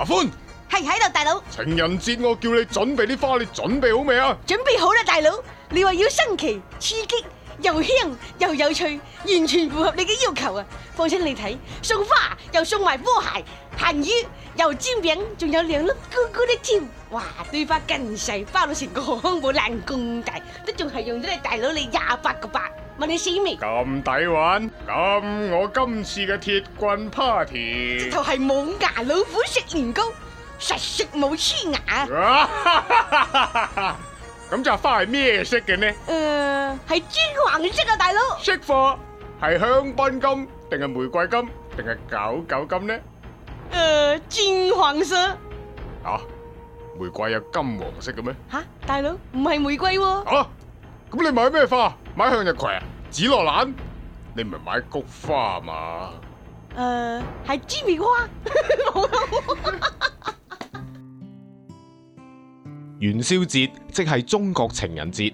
阿歡係喺度，大佬。情人節我叫你準備啲花，你準備好未啊？準備好啦，大佬。你話要新奇刺激。又香又有趣，完全符合你嘅要求啊！放心你睇，送花又送埋波鞋，鹹魚又煎餅，仲有兩粒咕咕的添，哇！對花咁細，包到成個航空母艦咁大，都仲係用咗你大佬你廿八個八，問你死未？咁抵玩，咁我今次嘅鐵棍 party 直頭係冇牙老虎食年糕，實食冇黐牙。咁就是花係咩色嘅呢？誒、呃，係金黃色啊，大佬。色花係香檳金定係玫瑰金定係九九金呢？誒、呃，金黃色。吓、啊，玫瑰有金黃色嘅咩？吓，大佬唔係玫瑰喎、啊。吓、啊，咁你買咩花？買向日葵啊？紫羅蘭？你唔係買菊花啊嘛？誒、呃，係雞米花。 元宵節即係中國情人節，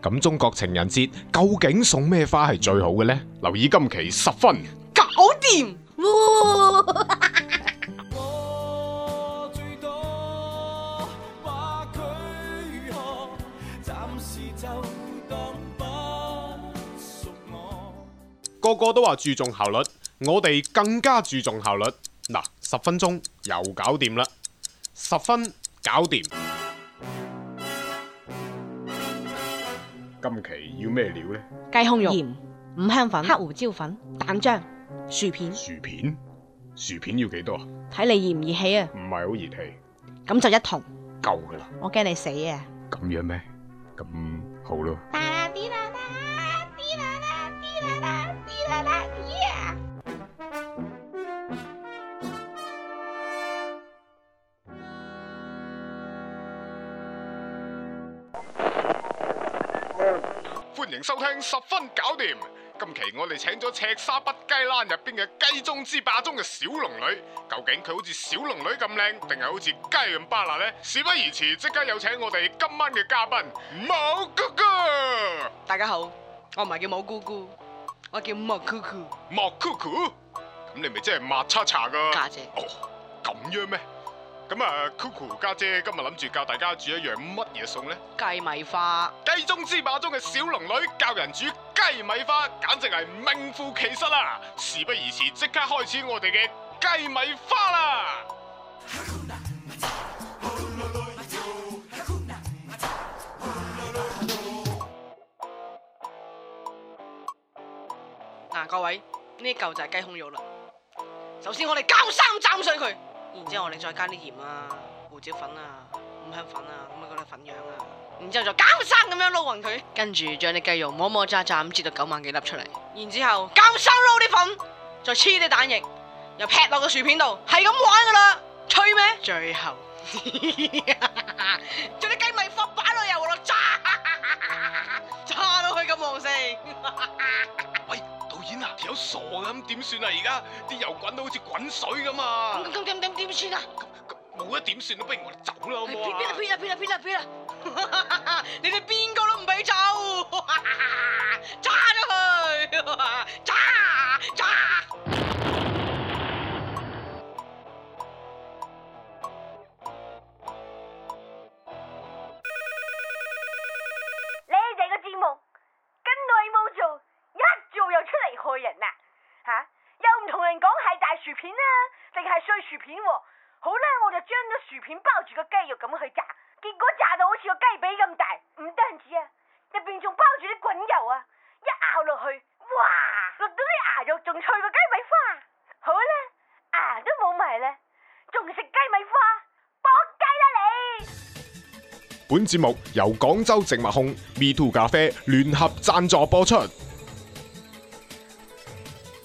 咁中國情人節究竟送咩花係最好嘅呢？留意今期十分搞掂，他個個都話注重效率，我哋更加注重效率嗱、啊，十分鐘又搞掂啦，十分搞掂。今期要咩料咧？雞胸肉、鹽、五香粉、黑胡椒粉、蛋漿、薯片。薯片？薯片要幾多啊？睇你熱唔熱氣啊？唔係好熱氣，咁就一桶夠噶啦。我驚你死啊！咁樣咩？咁好咯。歡迎收聽，十分搞掂。今期我哋請咗《赤沙北雞欄》入邊嘅雞中之霸中嘅小龍女，究竟佢好似小龍女咁靚，定係好似雞咁巴辣呢？事不宜遲，即刻有請我哋今晚嘅嘉賓莫姑姑。大家好，我唔係叫莫姑姑，我叫莫姑姑。莫姑姑，咁你咪即係抹叉叉噶？家姐,姐，哦、oh,，咁樣咩？咁啊，Coco 家姐，姐今日諗住教大家煮一樣乜嘢餸呢？雞米花。雞中之霸中嘅小龍女教人煮雞米花，簡直係名副其實啦！事不宜遲，即刻開始我哋嘅雞米花啦！嗱、啊，各位呢嚿、這個、就係雞胸肉啦，首先我哋交三斬碎佢。然之後你再加啲鹽啊、胡椒粉啊、五香粉啊、咁啊嗰啲粉樣啊，然之後就膠生咁樣撈勻佢，跟住將啲雞肉摸摸揸揸咁擠到九萬幾粒出嚟，然之後膠生撈啲粉，再黐啲蛋液，又劈落個薯片度，係咁玩噶啦，吹咩嗎？最後將啲 雞米花。傻咁點算啊！而家啲油滾到好似滾水咁嘛，咁咁咁點點算啊？冇得點算都不如我哋走啦好嘛？邊啊邊啊邊啊邊啊邊啊！ 你哋邊個都唔俾走，炸咗佢，炸炸！吓、啊啊，又唔同人講係大薯片啦、啊，定係碎薯片喎、啊。好啦，我就將個薯片包住個雞肉咁去炸，結果炸到好似個雞髀咁大，唔單止啊，入邊仲包住啲滾油啊，一咬落去，哇，落到啲牙肉仲脆過雞米花。好啦，牙、啊、都冇埋啦，仲食雞米花，搏雞啦你！本節目由廣州植物控 Me Too 咖啡聯合贊助播出。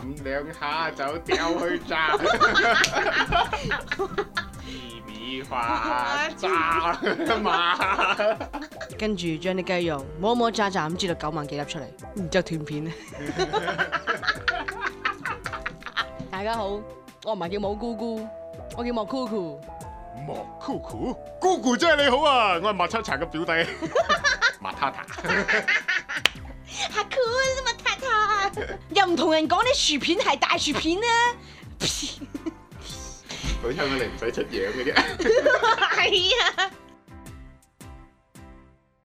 咁兩下就掉去炸，雞米花炸嘛， 跟住將啲雞肉摸摸炸炸咁，知到九萬幾粒出嚟，然之後斷片。 大家好，我唔係叫冇姑姑，我叫莫酷酷。莫酷酷，姑姑真係你好啊，我係麥叉茶嘅表弟。麥叉叉。 又唔同人講啲薯片係大薯片啦，好聽講你唔使出樣嘅啫，係啊。